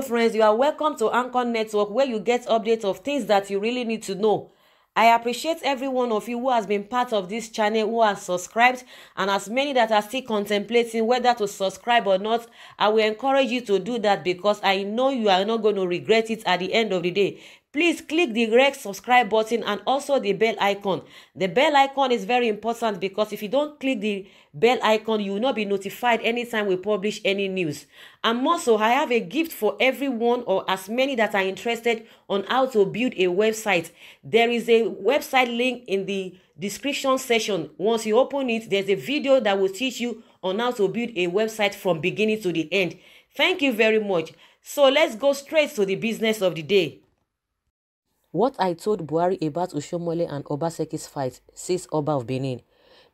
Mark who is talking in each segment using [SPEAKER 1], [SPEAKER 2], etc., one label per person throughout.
[SPEAKER 1] hello friends you are welcome to anchor network where you get updates of things that you really need to know i appreciate every one of you who has been part of this channel who has subscribed and as many that are still contemplating whether to subscribe or not i will encourage you to do that because i know you are not going to regret it at the end of the day Please click the red subscribe button and also the bell icon. The bell icon is very important because if you don't click the bell icon, you will not be notified anytime we publish any news. And also, I have a gift for everyone or as many that are interested on how to build a website. There is a website link in the description section. Once you open it, there's a video that will teach you on how to build a website from beginning to the end. Thank you very much. So let's go straight to the business of the day. What I told Buhari about Ushomole and Obaseki's fight, says Oba of Benin.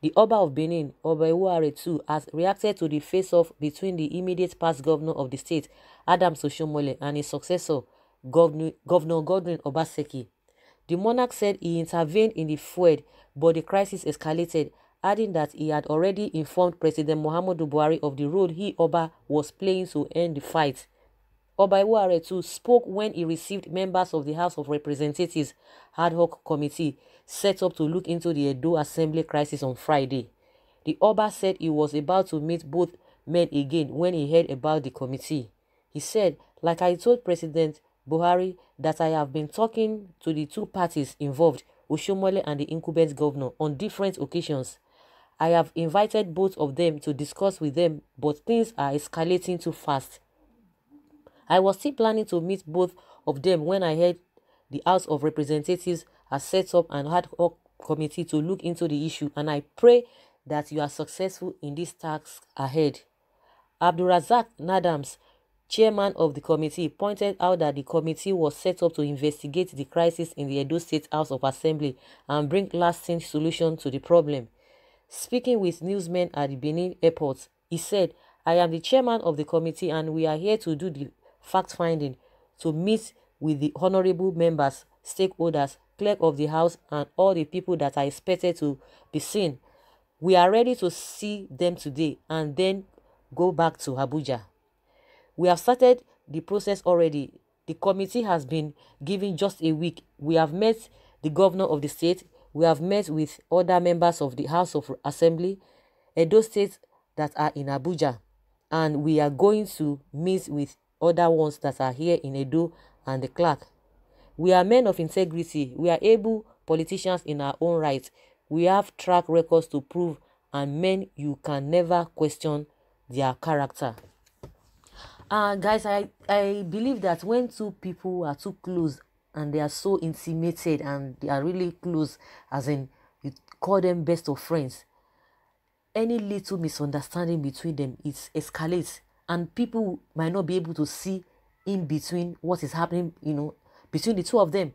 [SPEAKER 1] The Oba of Benin, Oba Iwuare too, has reacted to the face-off between the immediate past governor of the state, Adam Oshomole, and his successor, Governor, governor Godwin Obaseki. The monarch said he intervened in the feud, but the crisis escalated, adding that he had already informed President Muhammadu Buhari of the role he Oba was playing to end the fight too spoke when he received members of the House of Representatives ad hoc committee set up to look into the Edo Assembly crisis on Friday. The Oba said he was about to meet both men again when he heard about the committee. He said, like I told President Buhari that I have been talking to the two parties involved, Oshomole and the incumbent governor, on different occasions. I have invited both of them to discuss with them, but things are escalating too fast. I was still planning to meet both of them when I heard the House of Representatives has set up an ad hoc committee to look into the issue, and I pray that you are successful in this task ahead. Abdurazak Nadams, chairman of the committee, pointed out that the committee was set up to investigate the crisis in the Edo State House of Assembly and bring lasting solutions to the problem. Speaking with newsmen at the Benin airport, he said, I am the chairman of the committee and we are here to do the fact finding to meet with the honorable members, stakeholders, clerk of the house, and all the people that are expected to be seen. We are ready to see them today and then go back to Abuja. We have started the process already. The committee has been given just a week. We have met the governor of the state. We have met with other members of the House of Assembly, and those states that are in Abuja. And we are going to meet with other ones that are here in Edo and the clerk. We are men of integrity. We are able politicians in our own right. We have track records to prove and men you can never question their character. Uh, guys, I, I believe that when two people are too close and they are so intimated and they are really close, as in you call them best of friends, any little misunderstanding between them, it escalates and people might not be able to see in between what is happening, you know, between the two of them.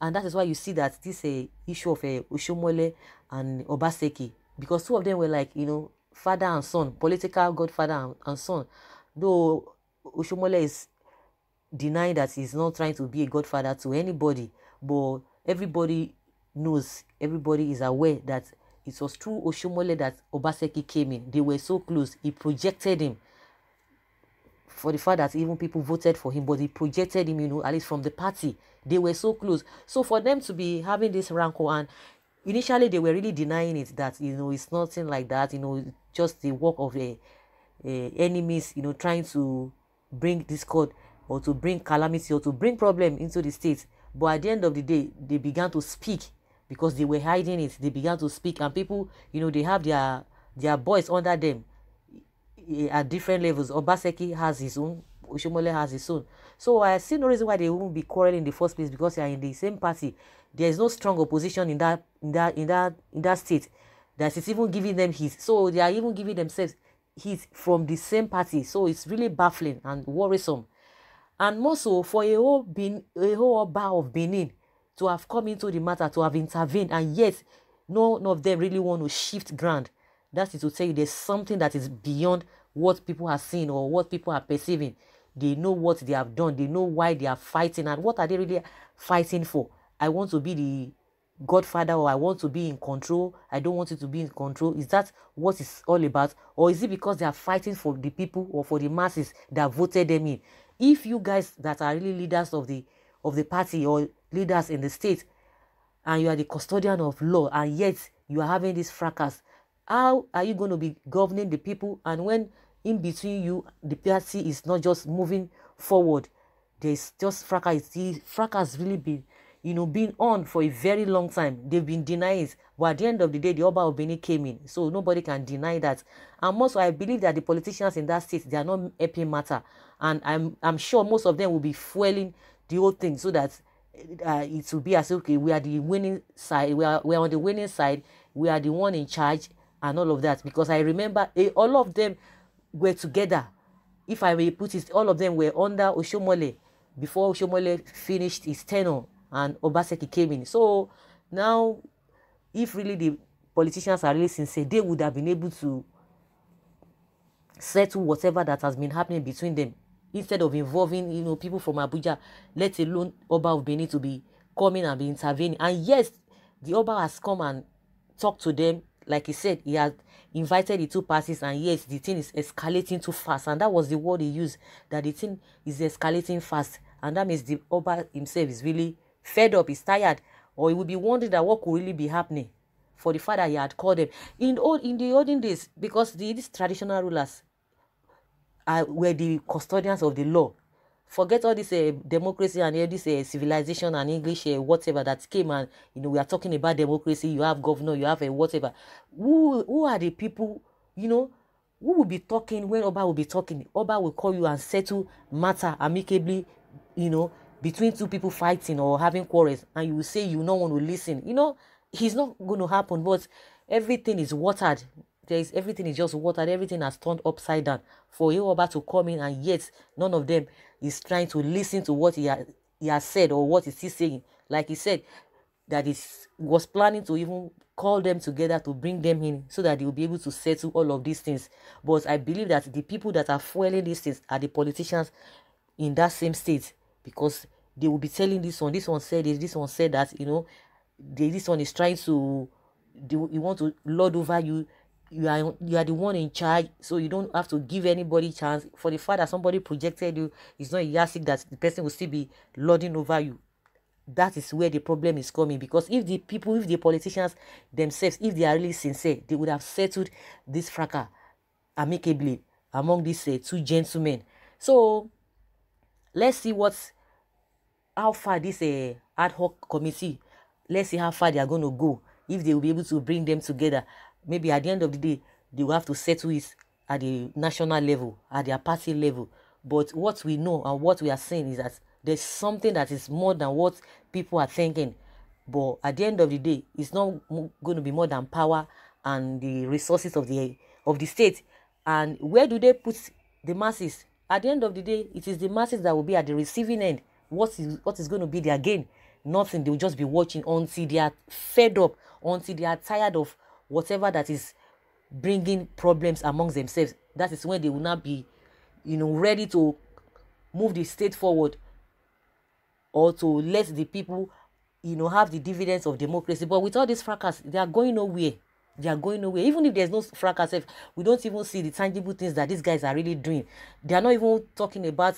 [SPEAKER 1] And that is why you see that this uh, issue of uh, Oshomole and Obaseki, because two of them were like, you know, father and son, political godfather and, and son. Though Oshomole is denying that he's not trying to be a godfather to anybody, but everybody knows, everybody is aware that it was through Oshomole that Obaseki came in. They were so close, he projected him for the fact that even people voted for him, but they projected him, you know, at least from the party. They were so close. So for them to be having this rancor and initially they were really denying it that you know it's nothing like that, you know, just the work of the enemies, you know, trying to bring discord or to bring calamity or to bring problem into the state. But at the end of the day, they began to speak because they were hiding it. They began to speak and people, you know, they have their their boys under them Eh, at different levels. Obaseki has his own, Oshomole has his own. So I see no reason why they won't be quarreling in the first place because they are in the same party. There is no strong opposition in that in that in that in that state that is even giving them his. So they are even giving themselves his from the same party. So it's really baffling and worrisome. And more so for a whole bin a whole bar of Benin to have come into the matter, to have intervened, and yet none of them really want to shift ground. That is to tell you there's something that is beyond what people are seeing or what people are perceiving. They know what they have done. They know why they are fighting and what are they really fighting for. I want to be the godfather or I want to be in control. I don't want it to be in control. Is that what it's all about? Or is it because they are fighting for the people or for the masses that voted them in? If you guys that are really leaders of the of the party or leaders in the state and you are the custodian of law and yet you are having this fracas how are you going to be governing the people? And when in between you, the PRC is not just moving forward, there's just fracas. Fracas has really been, you know, been on for a very long time. They've been denying it. But at the end of the day, the Oba Obeni came in. So nobody can deny that. And most, I believe that the politicians in that state, they are not helping matter. And I'm, I'm sure most of them will be fueling the whole thing so that uh, it will be as okay, we are the winning side, we are, we are on the winning side, we are the one in charge and all of that because I remember eh, all of them were together. If I may put it, all of them were under Oshomole before Oshomole finished his tenure and Obaseki came in. So now, if really the politicians are really sincere, they would have been able to settle whatever that has been happening between them instead of involving you know people from Abuja, let alone Oba of Benin to be coming and be intervening. And yes, the Oba has come and talked to them like he said, he had invited the two parties, and yes, the thing is escalating too fast. And that was the word he used that the thing is escalating fast. And that means the Oba himself is really fed up, he's tired, or he will be wondering that what could really be happening for the father he had called them. In old in the olden days, because the, these traditional rulers uh, were the custodians of the law, forget all this uh, democracy and all eh, this uh, civilization and English uh, whatever that came and you know we are talking about democracy. You have governor, you have a whatever. Who who are the people? You know who will be talking when Oba will be talking. Oba will call you and settle matter amicably. You know between two people fighting or having quarrels, and you will say you no one will listen. You know he's not going to happen, but everything is watered there is everything is just watered, everything has turned upside down. For about to come in and yet none of them is trying to listen to what he, he has said or what is he saying. Like he said, that he was planning to even call them together to bring them in so that they will be able to settle all of these things. But I believe that the people that are fueling these things are the politicians in that same state because they will be telling this one, this one said this, this one said that, you know, they, this one is trying to, they, they want to lord over you you are you are the one in charge so you don't have to give anybody chance for the fact that somebody projected you it's not a yastic that the person will still be lording over you that is where the problem is coming because if the people if the politicians themselves if they are really sincere they would have settled this fracas amicably among these uh, two gentlemen so let's see what how far this uh, ad hoc committee let's see how far they are going to go if they will be able to bring them together maybe at the end of the day they will have to settle it at the national level at their party level but what we know and what we are saying is that there's something that is more than what people are thinking but at the end of the day it's not going to be more than power and the resources of the of the state and where do they put the masses at the end of the day it is the masses that will be at the receiving end what is what is going to be their gain nothing they will just be watching until they are fed up until they are tired of whatever that is bringing problems amongst themselves that is when they will not be you know ready to move the state forward or to let the people you know have the dividends of democracy but with all this fracas they are going nowhere they are going nowhere even if there's no fracas we don't even see the tangible things that these guys are really doing they are not even talking about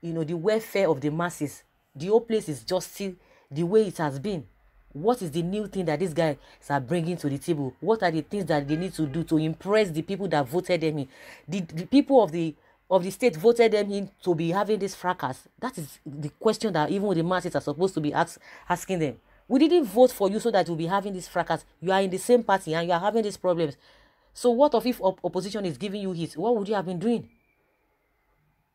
[SPEAKER 1] you know the welfare of the masses the whole place is just still the way it has been what is the new thing that these guys are bringing to the table what are the things that they need to do to impress the people that voted them in the, the people of the of the state voted them in to be having this fracas that is the question that even the masses are supposed to be ask, asking them we didn't vote for you so that we'll be having this fracas you are in the same party and you are having these problems so what of if op- opposition is giving you hits what would you have been doing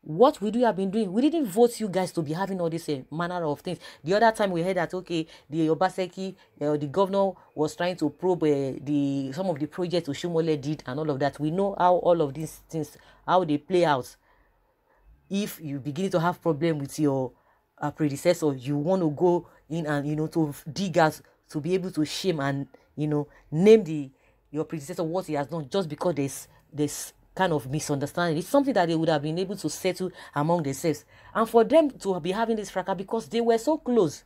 [SPEAKER 1] what would we have been doing? We didn't vote you guys to be having all this uh, manner of things. The other time we heard that okay, the Obaseki, uh, the governor was trying to probe uh, the some of the projects Oshomole did and all of that. We know how all of these things how they play out. If you begin to have problem with your uh, predecessor, you want to go in and you know to dig out to be able to shame and you know name the your predecessor what he has done just because there's there's kind of misunderstanding. It's something that they would have been able to settle among themselves. And for them to be having this fracas because they were so close.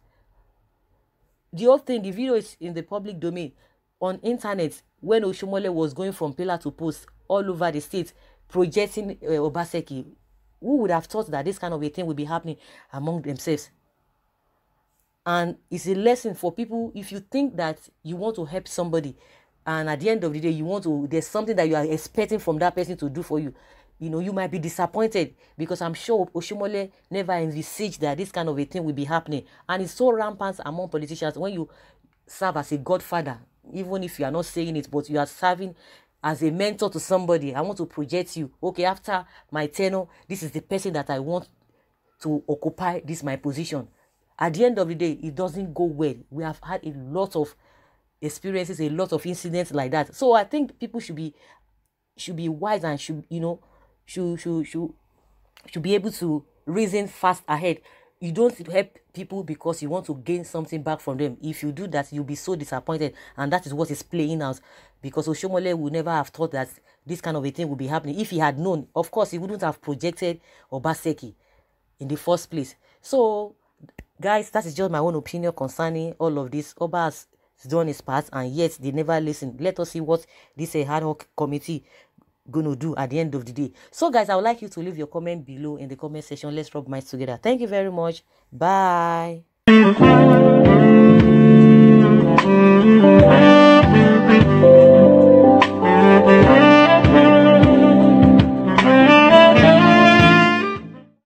[SPEAKER 1] The whole thing, the video is in the public domain on internet when Oshomole was going from pillar to post all over the state projecting uh, Obaseki. Who would have thought that this kind of a thing would be happening among themselves? And it's a lesson for people if you think that you want to help somebody and at the end of the day you want to there's something that you are expecting from that person to do for you you know you might be disappointed because i'm sure oshimole never envisaged that this kind of a thing will be happening and it's so rampant among politicians when you serve as a godfather even if you are not saying it but you are serving as a mentor to somebody i want to project you okay after my tenure this is the person that i want to occupy this my position at the end of the day it doesn't go well we have had a lot of experiences a lot of incidents like that. So I think people should be should be wise and should you know should should should should be able to reason fast ahead. You don't help people because you want to gain something back from them. If you do that, you'll be so disappointed, and that is what is playing out. Because Oshomole would never have thought that this kind of a thing would be happening. If he had known, of course, he wouldn't have projected Obaseki in the first place. So, guys, that is just my own opinion concerning all of this. Obas done its part and yet they never listen. Let us see what this eh, a hard hoc committee going to do at the end of the day. So guys, I would like you to leave your comment below in the comment section. Let's rub minds together. Thank you very much. Bye.